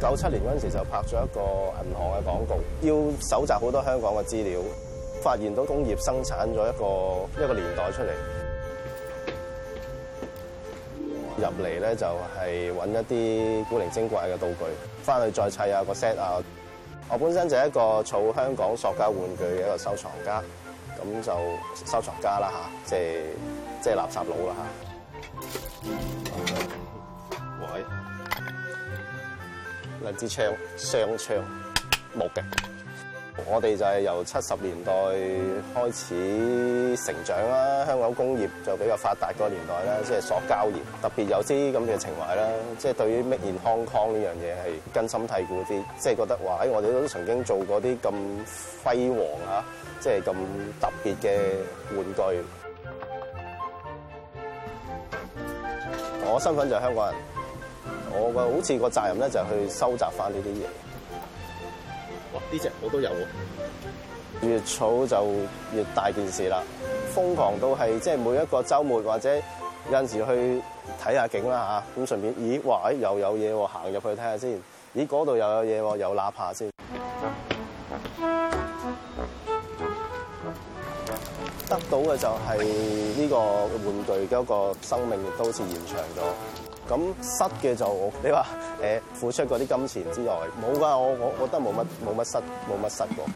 九七年嗰陣時就拍咗一個銀行嘅廣告，要搜集好多香港嘅資料，發現到工業生產咗一個一個年代出嚟。入嚟咧就係、是、揾一啲古靈精怪嘅道具，翻去再砌下個 set 啊。我本身就係一個儲香港塑膠玩具嘅一個收藏家，咁就收藏家啦嚇，即係即係垃圾佬啦嚇。荔枝槍、雙槍冇嘅，我哋就係由七十年代開始成長啦。香港工業就比較發達嗰年代啦，即係塑膠業，特別有啲咁嘅情懷啦。即係對於 Made in Hong Kong 呢樣嘢係根深蒂固啲，即係覺得話喺我哋都曾經做過啲咁輝煌啊，即係咁特別嘅玩具。我身份就係香港人。我嘅好似個責任咧，就係去收集翻呢啲嘢。哇！呢隻我都有喎。越草就越大件事啦，瘋狂到係即係每一個週末或者有陣時去睇下景啦吓，咁順便咦哇哎又有嘢喎，行入去睇下先。咦嗰度又有嘢喎，又攔下先。得到嘅就係呢個玩具嗰個生命亦都好似延長咗。咁失嘅就你話付出嗰啲金錢之外，冇㗎，我我覺得冇乜冇乜失冇乜失喎。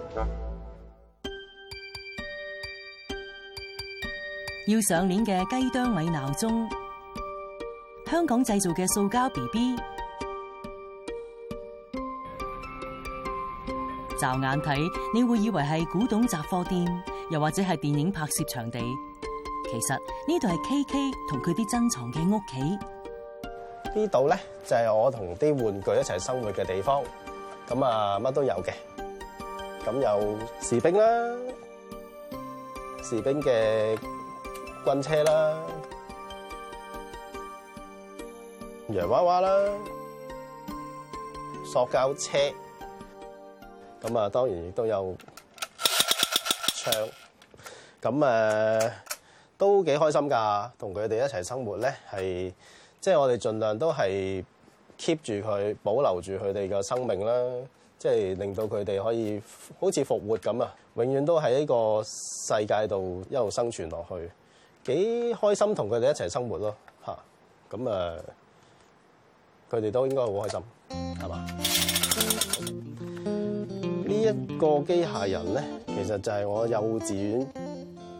塞塞要上鍊嘅雞啄米鬧鐘，香港製造嘅塑膠 BB，驟眼睇你會以為係古董雜貨店。又或者係電影拍攝場地，其實呢度係 KK 同佢啲珍藏嘅屋企。呢度咧就係我同啲玩具一齊生活嘅地方，咁啊乜都有嘅，咁有士兵啦，士兵嘅軍車啦，洋娃娃啦，塑膠車，咁啊當然亦都有槍。咁誒都幾開心㗎，同佢哋一齊生活咧，係即係我哋盡量都係 keep 住佢，保留住佢哋嘅生命啦，即係令到佢哋可以好似復活咁啊，永遠都喺呢個世界度一路生存落去，幾開心同佢哋一齊生活咯嚇。咁誒，佢哋都應該好開心，係嘛？呢一個機械人咧，其實就係我幼稚園，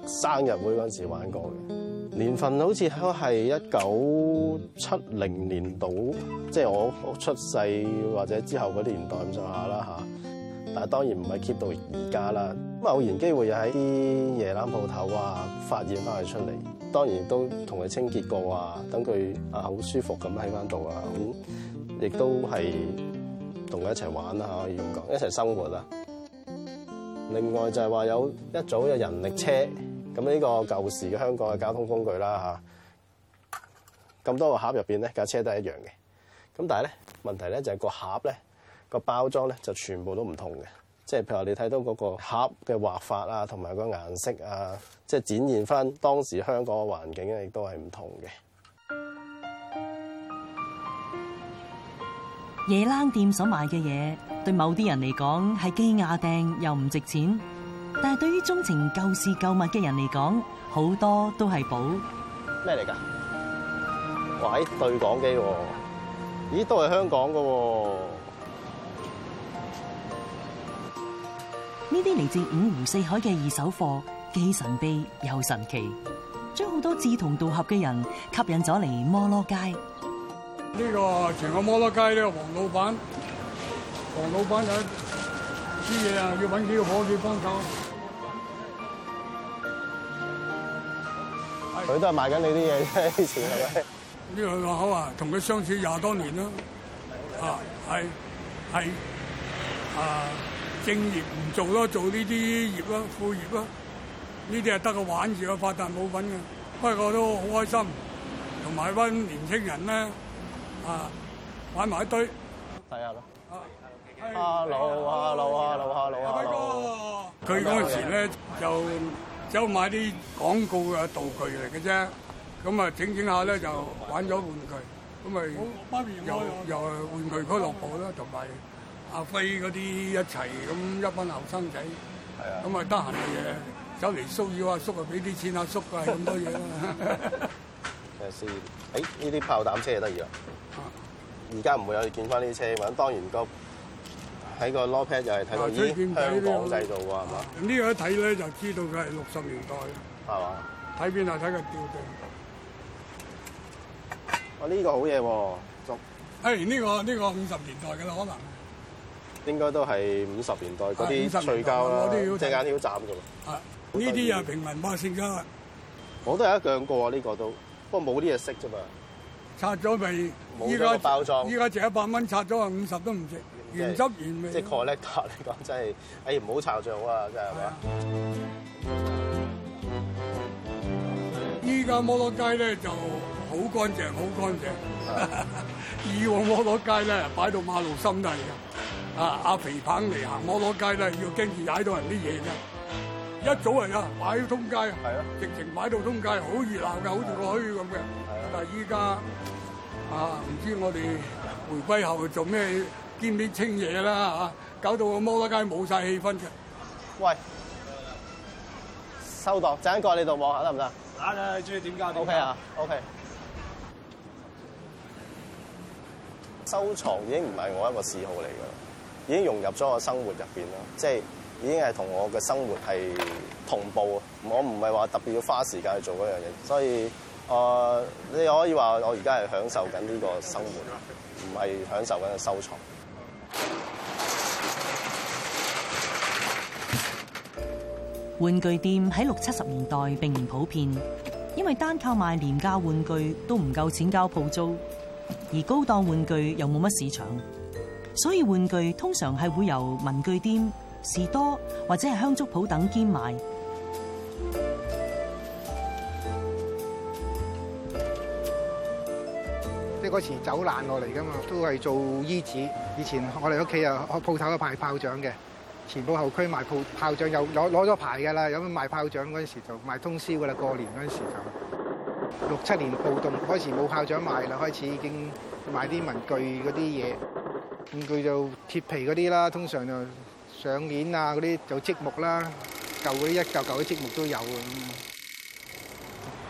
生日會嗰陣時玩過嘅年份好似都係一九七零年度，即係我出世或者之後嗰啲年代咁上下啦吓，但係當然唔係 keep 到而家啦。咁偶然機會又喺啲夜冷鋪頭啊，發現翻佢出嚟，當然都同佢清潔過啊，等佢啊好舒服咁喺翻度啊。咁亦都係同佢一齊玩啦嚇，可以咁講，一齊生活啦、啊。另外就係話有一組有人力車。咁、這、呢個舊時嘅香港嘅交通工具啦嚇，咁多個盒入邊咧架車都係一樣嘅。咁但係咧問題咧就係個盒咧個包裝咧就全部都唔同嘅。即係譬如你睇到嗰個盒嘅畫法啊，同埋個顏色啊，即係展現翻當時香港嘅環境咧，亦都係唔同嘅。夜冷店所買嘅嘢，對某啲人嚟講係機壓掟又唔值錢。但係對於鍾情舊事舊物嘅人嚟講，好多都係寶。咩嚟噶？我喺對講機，咦，都係香港噶？呢啲嚟自五湖四海嘅二手貨，既神秘又神奇，將好多志同道合嘅人吸引咗嚟摩羅街、這個。呢個整個摩羅街呢個，黃老闆，黃老闆有啲嘢啊，要搵幾個夥計幫手。佢都係賣緊你啲嘢啫，啲錢係咪？呢、這、兩個口啊，同佢相處廿多年咯，係、啊、係啊，啊，正業唔做咯，做呢啲業咯，副業咯，呢啲係得個玩字咯，發達冇份嘅。不過都好開心，同埋班年輕人呢，啊，買埋一堆。睇下咯。啊！老啊！哈老啊！哈老啊！哈老啊！阿輝哥。佢嗰陣時呢，嗯嗯、就。走買啲廣告嘅道具嚟嘅啫，咁啊整整下咧就玩咗玩具，咁咪又 又係 玩具俱樂部啦，同埋 阿輝嗰啲一齊咁一班後生仔，咁啊得閒嘅嘢走嚟騷擾阿叔，叔 啊，俾啲錢阿叔啊咁多嘢。誒是，誒呢啲炮彈車得意，而家唔會有見翻呢啲車，咁當然唔該。睇個 low pad 又係睇個香港製造喎，係嘛？呢、呢個呢個一睇咧就知道佢係六十年代。係嘛？睇邊啊？睇個釣定？哦，呢、呢個好嘢喎、哦，呢、哎這個呢、呢個五十年代嘅啦，可能。應該都係五十年代嗰啲碎膠啦，隻眼挑斬㗎嘛。呢啲又平民百姓㗎。我都有一兩個啊，呢、呢個都。不過冇啲嘢識啫嘛。拆咗未，呢個？冇家包裝。依、這、家、個、值一百蚊，拆咗啊五十都唔值。原汁原味，即係 collector 嚟講，真係哎唔好炒最好啊！真係嘛。依家摩羅街咧就好乾淨，好乾淨。 以往摩羅街咧擺到馬路心底嘅，啊阿肥棒嚟行摩羅街咧要驚住踩到人啲嘢嘅。一早人啊，擺到通街，直情擺到通街，好熱鬧㗎，好似個墟咁嘅。但係依家啊，唔知我哋回歸後去做咩？見面清嘢啦嚇，搞到個摩羅街冇晒氣氛嘅。喂，收檔，陣間過嚟你度望下得唔得？啊，你中意點搞？O K 啊，O K。收藏已經唔係我一個嗜好嚟㗎，已經融入咗我生活入面啦。即係已經係同我嘅生活係同步。我唔係話特別要花時間去做嗰樣嘢，所以誒，你可以話我而家係享受緊呢個生活，唔係享受緊收藏。玩具店喺六七十年代並唔普遍，因為單靠賣廉價玩具都唔夠錢交鋪租，而高檔玩具又冇乜市場，所以玩具通常係會由文具店、士多或者係香燭鋪等兼賣。嗰時走難落嚟噶嘛，都係做衣紙。以前我哋屋企啊，鋪頭都賣炮仗嘅，前舖後區賣炮炮仗有攞攞咗牌噶啦。有冇賣炮仗嗰時就賣通宵噶啦，過年嗰時就六七年暴動開始冇炮仗賣啦，開始已經賣啲文具嗰啲嘢。咁佢就鐵皮嗰啲啦，通常就上鏈啊嗰啲，就積木啦，舊嗰啲一嚿嚿嘅積木都有。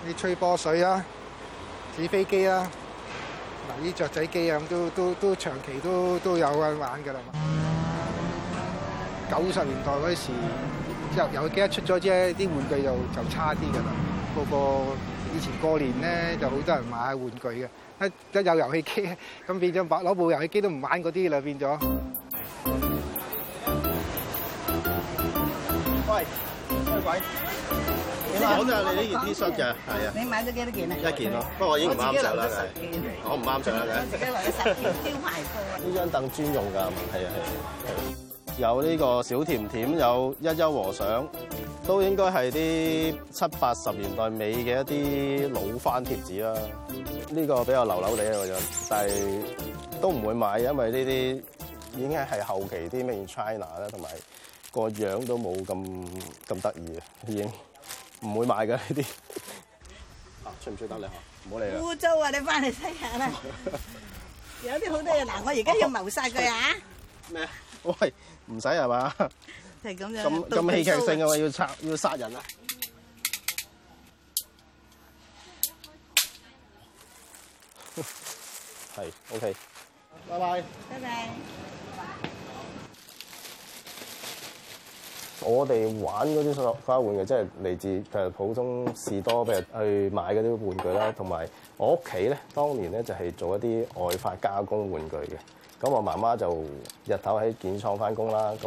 啲吹波水啊，紙飛機啊。嗱，啲雀仔機啊，咁都都都長期都都有人玩嘅啦。九十年代嗰時遊遊戲機一出咗啫，啲玩具就就差啲嘅啦。嗰個，個以前過年咧就好多人買玩具嘅，一一有遊戲機咁變咗攞部遊戲機都唔玩嗰啲啦，變咗。喂？喂。我都係你啲熱貼衫㗎，係啊！你買咗幾多件啊？一件咯，不過我已經唔啱著啦，係我唔啱著啦，呢 張凳專用㗎，係啊係。有呢個小甜甜，有一休和尚，都應該係啲七八十年代尾嘅一啲老番貼紙啦。呢、呢個比較流流地啊，我就，但係都唔會買，因為呢啲已經係後期啲咩 China 啦，同埋。個樣都冇咁咁得意啊，已經唔會買嘅呢啲。啊，出唔出得你啊？唔好嚟啊！污糟啊！你翻嚟睇下啦。有啲好多嘢，嗱，我而家要謀殺佢啊！咩？喂，唔使係嘛？係咁樣。咁咁戲劇性嘅話，要殺要殺人啦！係，OK。拜拜。拜拜。我哋玩嗰啲塑料花玩具，即係嚟自誒普通士多，譬如去買嗰啲玩具啦。同埋我屋企咧，當年咧就係做一啲外發加工玩具嘅。咁我媽媽就日頭喺建廠翻工啦。咁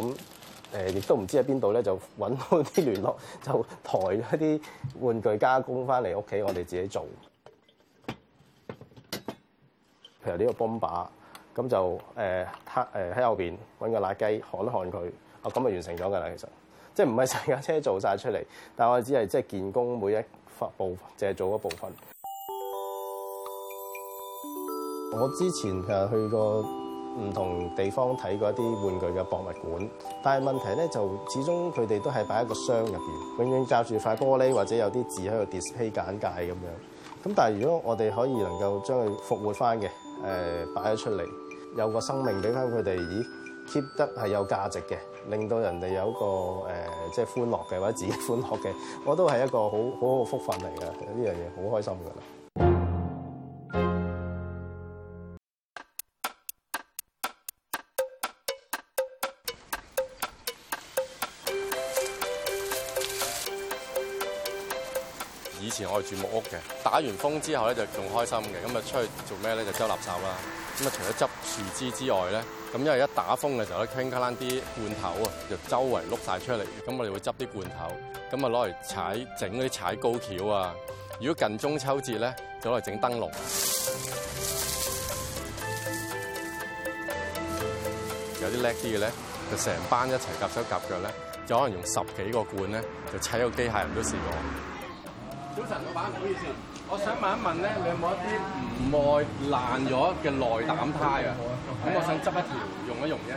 誒，亦都唔知喺邊度咧，就揾到啲聯絡，就抬一啲玩具加工翻嚟屋企，我哋自己做。譬如呢個泵把咁就誒，誒、呃、喺、呃、後邊揾個辣雞，焊一焊佢啊，咁、哦、就完成咗㗎啦。其實～即係唔係成架車做晒出嚟，但係我哋只係即係建工每一部分，淨係做一部分。我之前誒去過唔同地方睇過一啲玩具嘅博物館，但係問題咧就始終佢哋都係擺一個箱入邊，永遠罩住塊玻璃或者有啲字喺度 display 簡介咁樣。咁但係如果我哋可以能夠將佢復活翻嘅誒擺咗出嚟，有個生命俾翻佢哋，咦？keep 得係有價值嘅，令到人哋有一個、呃、即係歡樂嘅或者自己歡樂嘅，我都係一個好好嘅福分嚟噶。呢樣嘢好開心噶啦！以前我係住木屋嘅，打完風之後咧就仲開心嘅。咁啊出去做咩咧？就執垃圾啦。咁啊除咗執樹枝之外咧。咁因為一打風嘅時候咧，冚唪唥啲罐頭啊，就周圍碌曬出嚟。咁我哋會執啲罐頭，咁啊攞嚟踩整嗰啲踩高蹺啊。如果近中秋節咧，就攞嚟整燈籠。有啲叻啲嘅咧，就成班一齊夾手夾腳咧，就可能用十幾個罐咧，就砌個機械人都試過。早晨，老闆，唔好意思。我想問一問咧，你有冇一啲唔外爛咗嘅內膽胎啊？咁我想執一條用一用啫。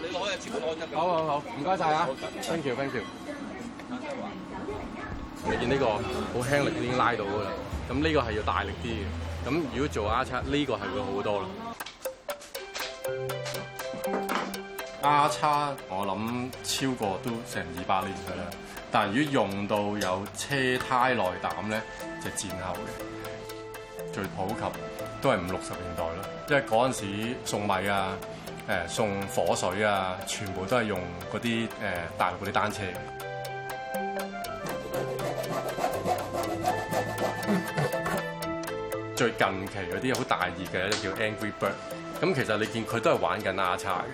你攞嘅超耐嘅。好好好，唔該晒啊！分條分條，thank you, thank you. 你見呢個好輕力已經拉到㗎啦。咁呢個係要大力啲嘅。咁如果做 R 叉，呢個係會好多啦。R 叉我諗超過都成二百年㗎啦。但係如果用到有車胎內膽咧？就戰後嘅最普及都係五六十年代咯，因為嗰陣時送米啊、誒、呃、送火水啊，全部都係用嗰啲誒大陸嗰啲單車嘅。 最近期有啲好大熱嘅咧，叫 Angry Bird，咁其實你見佢都係玩緊 Y 叉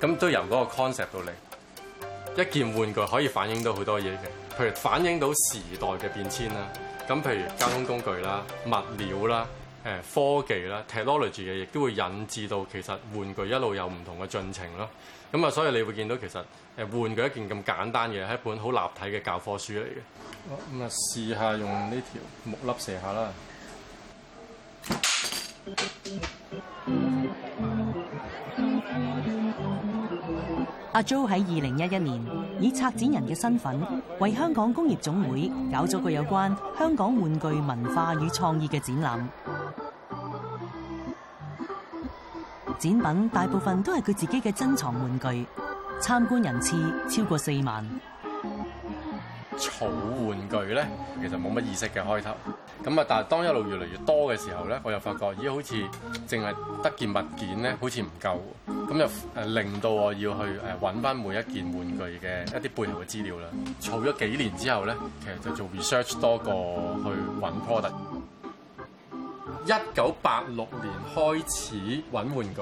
嘅，咁都由嗰個 concept 到嚟一件玩具可以反映到好多嘢嘅，譬如反映到時代嘅變遷啦。咁譬如交通工具啦、物料啦、誒科技啦，technology 嘅，亦都會引致到其實玩具一路有唔同嘅進程咯。咁啊，所以你會見到其實誒玩具一件咁簡單嘅，係一本好立體嘅教科書嚟嘅。咁啊，試下用呢條木粒射下啦。阿 Joel 喺二零一一年。以策展人嘅身份，為香港工業總會搞咗個有關香港玩具文化與創意嘅展覽。展品大部分都係佢自己嘅珍藏玩具，參觀人次超過四萬。儲玩具呢，其實冇乜意識嘅開頭。咁啊！但係當一路越嚟越多嘅時候咧，我又發覺，咦？好似淨係得件物件咧，好似唔夠，咁就誒令到我要去誒揾翻每一件玩具嘅一啲背後嘅資料啦。儲咗幾年之後咧，其實就做 research 多過去揾 product。一九八六年開始揾玩具，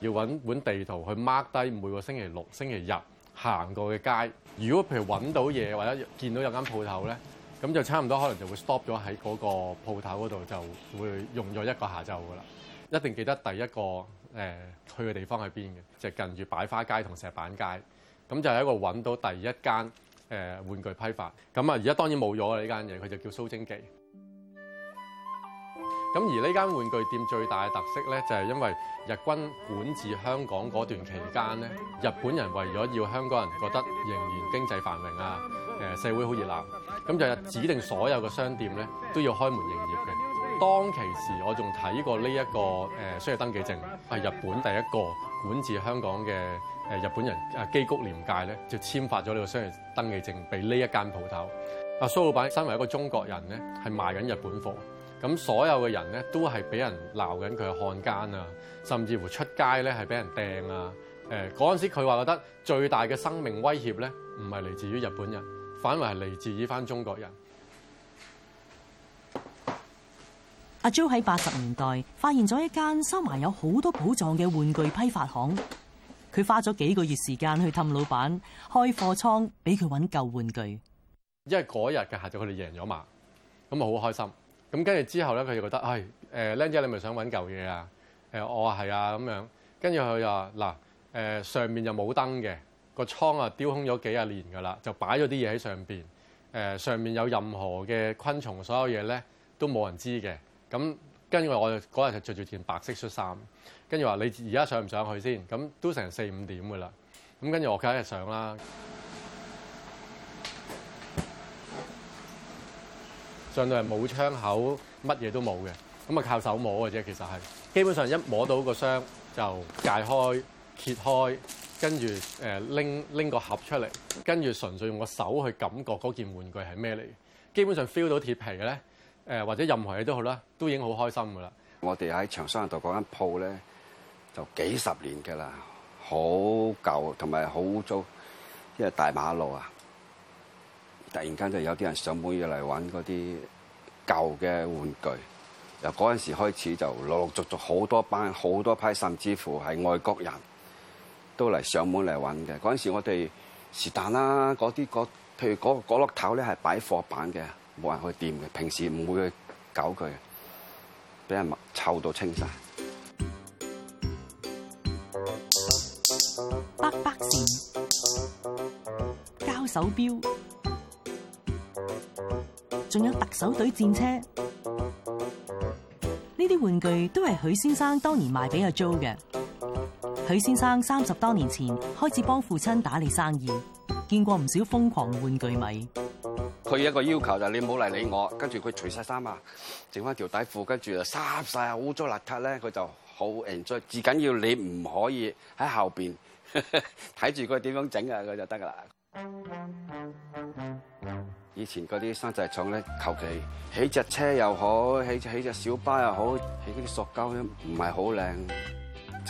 要揾本地圖去 mark 低每個星期六、星期日行過嘅街。如果譬如揾到嘢或者見到有間鋪頭咧，咁就差唔多，可能就會 stop 咗喺嗰個鋪頭嗰度，就會用咗一個下晝㗎喇。一定記得第一個誒、呃、去嘅地方係邊嘅，就係、是、近住擺花街同石板街。咁就係一個揾到第一間誒、呃、玩具批發。咁啊，而家當然冇咗啦呢間嘢，佢就叫蘇貞記。咁而呢間玩具店最大嘅特色咧，就係、是、因為日軍管治香港嗰段期間咧，日本人為咗要香港人覺得仍然經濟繁榮啊，誒、呃、社會好熱鬧。咁就指定所有嘅商店咧都要開門營業嘅。當其時我仲睇過呢、這、一個誒商業登記證，係日本第一個管治香港嘅誒、呃、日本人啊磯谷廉介咧，就簽發咗呢個商業登記證俾呢一間鋪頭。阿蘇老闆身為一個中國人咧，係賣緊日本貨，咁所有嘅人咧都係俾人鬧緊佢係漢奸啊，甚至乎出街咧係俾人掟啊。誒嗰陣時，佢話覺得最大嘅生命威脅咧，唔係嚟自於日本人。反為係嚟自呢番中國人。阿 Jo 喺八十年代發現咗一間收埋有好多寶藏嘅玩具批發行，佢花咗幾個月時間去氹老闆開貨倉，俾佢揾舊玩具。因為嗰日嘅下晝佢哋贏咗嘛，咁啊好開心。咁跟住之後咧，佢就覺得，唉、哎，誒靚仔你咪想揾舊嘢啊？誒我話係啊咁樣。跟住佢又話嗱，誒、呃、上面就冇燈嘅。個倉啊，丟空咗幾廿年㗎啦，就擺咗啲嘢喺上邊。誒、呃，上面有任何嘅昆蟲，所有嘢咧都冇人知嘅。咁跟住我，就嗰日就着住件白色恤衫。跟住話：你而家上唔上去先？咁都成四五點㗎啦。咁跟住我梗係上啦。上到係冇窗口，乜嘢都冇嘅。咁啊靠手摸嘅啫，其實係基本上一摸到個箱就解開。揭開，跟住誒拎拎個盒出嚟，跟住純粹用個手去感覺嗰件玩具係咩嚟。基本上 feel 到鐵皮嘅咧，誒或者任何嘢都好啦，都已經好開心㗎喇。我哋喺長沙道嗰間鋪咧，就幾十年㗎喇，好舊同埋好污糟，因為大馬路啊，突然間就有啲人上門要嚟揾嗰啲舊嘅玩具。由嗰陣時開始，就陸陸續續好多班好多批，甚至乎係外國人。都嚟上門嚟揾嘅嗰陣時，我哋、那個那個、是但啦。嗰啲譬如嗰嗰碌頭咧係擺貨板嘅，冇人去掂嘅。平時唔會去搞佢，俾人聞臭到清晒。百百線膠手錶，仲有特首隊戰車，呢啲玩具都係許先生當年賣俾阿 Jo 嘅。許先生三十多年前開始幫父親打理生意，見過唔少瘋狂玩具迷。佢一個要求就係你唔好嚟，理我，跟住佢除晒衫啊，剩翻條底褲，跟住啊，濕晒、污糟邋遢咧，佢就好 enjoy。至緊要你唔可以喺後邊睇住佢點樣整啊，佢就得噶啦。以前嗰啲山寨廠咧，求其起隻車又好，起起隻小巴又好，起嗰啲塑膠咧，唔係好靚。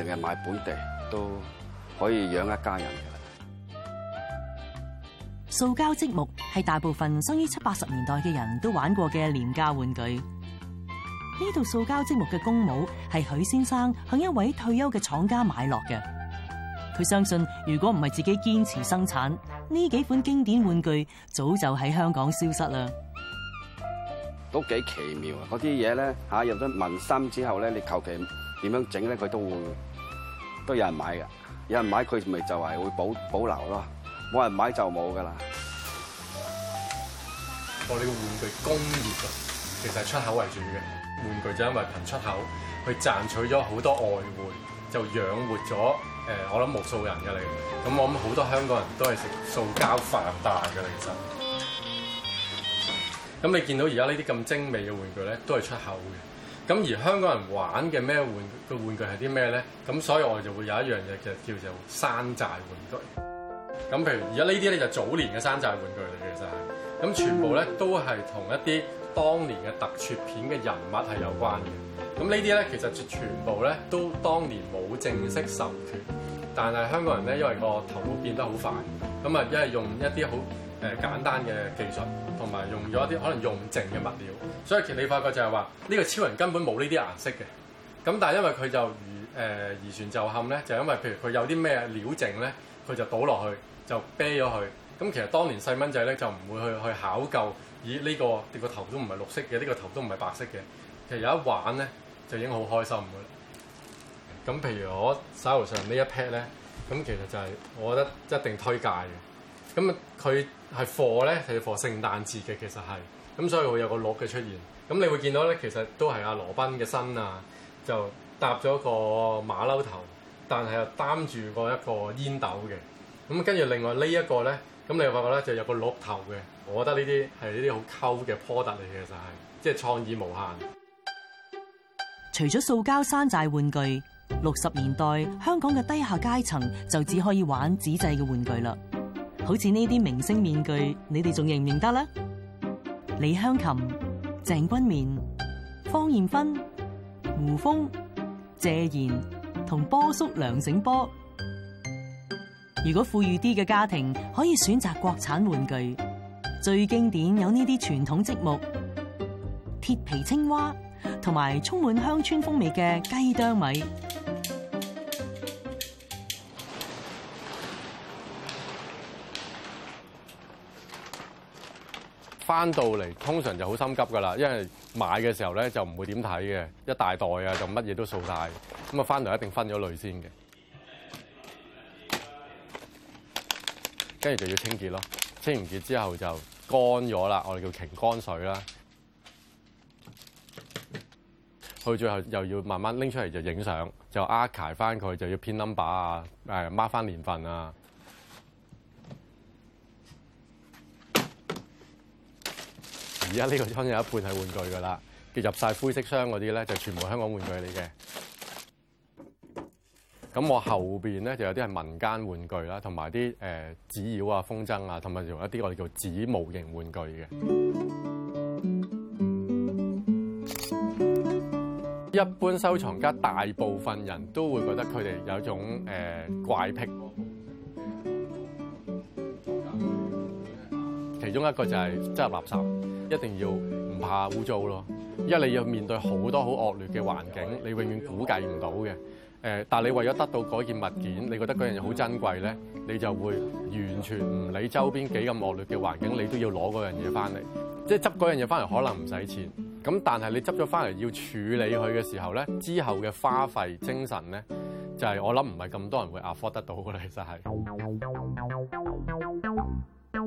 淨係買本地都可以養一家人嘅啦。塑膠積木係大部分生於七八十年代嘅人都玩過嘅廉價玩具。呢度塑膠積木嘅公母係許先生向一位退休嘅廠家買落嘅。佢相信，如果唔係自己堅持生產，呢幾款經典玩具早就喺香港消失啦。都幾奇妙啊！嗰啲嘢咧，吓入咗民心之後咧，你求其。點樣整咧？佢都會都有人買㗎，有人買佢咪就係會保保留咯，冇人買就冇噶啦。我哋嘅玩具工業啊，其實係出口為主嘅，玩具就因為憑出口去賺取咗好多外匯，就養活咗誒、呃，我諗無數人嘅你。咁我諗好多香港人都係食塑膠飯大嘅，其實。咁你見到而家呢啲咁精美嘅玩具咧，都係出口嘅。咁而香港人玩嘅咩玩嘅玩具係啲咩咧？咁所以我哋就會有一樣嘢叫做山寨玩具。咁譬如而家呢啲咧就早年嘅山寨玩具嚟嘅，就係咁全部咧都係同一啲當年嘅特撮片嘅人物係有關嘅。咁呢啲咧其實全部咧都當年冇正式授權，但係香港人咧因為個頭腦變得好快，咁啊因為用一啲好誒簡單嘅技術，同埋用咗一啲可能用淨嘅物料，所以其實你發覺就係話呢個超人根本冇呢啲顏色嘅，咁但係因為佢就如誒移船就冚咧，就因為譬如佢有啲咩料淨咧，佢就倒落去就啤咗佢。咁其實當年細蚊仔咧就唔會去去考究，咦呢、這個呢、這個頭都唔係綠色嘅，呢、這個頭都唔係白色嘅，其實有一玩咧就已經好開心嘅喇。咁譬如我手頭上這一呢一 pat 咧，咁其實就係、是、我覺得一定推介嘅。咁佢。係貨咧，係貨聖誕節嘅，其實係咁，所以會有個鹿嘅出現。咁你會見到咧，其實都係阿羅賓嘅身啊，就搭咗個馬騮頭，但係又擔住個一個煙斗嘅。咁跟住另外呢一個咧，咁你又發覺咧就有個鹿頭嘅。我覺得呢啲係呢啲好溝嘅 product 嚟嘅，就係即係創意無限。除咗塑膠山寨玩具，六十年代香港嘅低下階層就只可以玩紙製嘅玩具啦。好似呢啲明星面具，你哋仲認唔認得咧？李香琴、鄭君綿、方艷芬、胡楓、謝賢同波叔梁醒波。如果富裕啲嘅家庭可以選擇國產玩具，最經典有呢啲傳統積木、鐵皮青蛙同埋充滿鄉村風味嘅雞啄米。翻到嚟通常就好心急噶啦，因為買嘅時候咧就唔會點睇嘅，一大袋啊，就乜嘢都掃曬。咁啊翻嚟一定分咗類先嘅，跟住就要清潔咯，清完潔之後就乾咗啦，我哋叫擎乾水啦，去最後又要慢慢拎出嚟就影相，就 archive 翻佢，就要編 number 啊，誒 mark 翻年份啊。啊啊啊啊啊而家呢個箱有一半係玩具噶啦，叫入晒灰色箱嗰啲咧，就全部香港玩具嚟嘅。咁我後邊咧就有啲係民間玩具啦，同埋啲誒紙鷂啊、風箏啊，同埋仲有一啲我哋叫紙模型玩具嘅。一般收藏家大部分人都會覺得佢哋有一種誒、呃、怪癖，其中一個就係執垃圾。一定要唔怕污糟咯，因為你要面對好多好惡劣嘅環境，你永遠估計唔到嘅。誒、呃，但係你為咗得到嗰件物件，你覺得嗰樣嘢好珍貴咧，你就會完全唔理周邊幾咁惡劣嘅環境，你都要攞嗰樣嘢翻嚟。即係執嗰樣嘢翻嚟可能唔使錢，咁但係你執咗翻嚟要處理佢嘅時候咧，之後嘅花費精神咧，就是，就係我諗唔係咁多人會 afford 得到嘅。其實係。嗯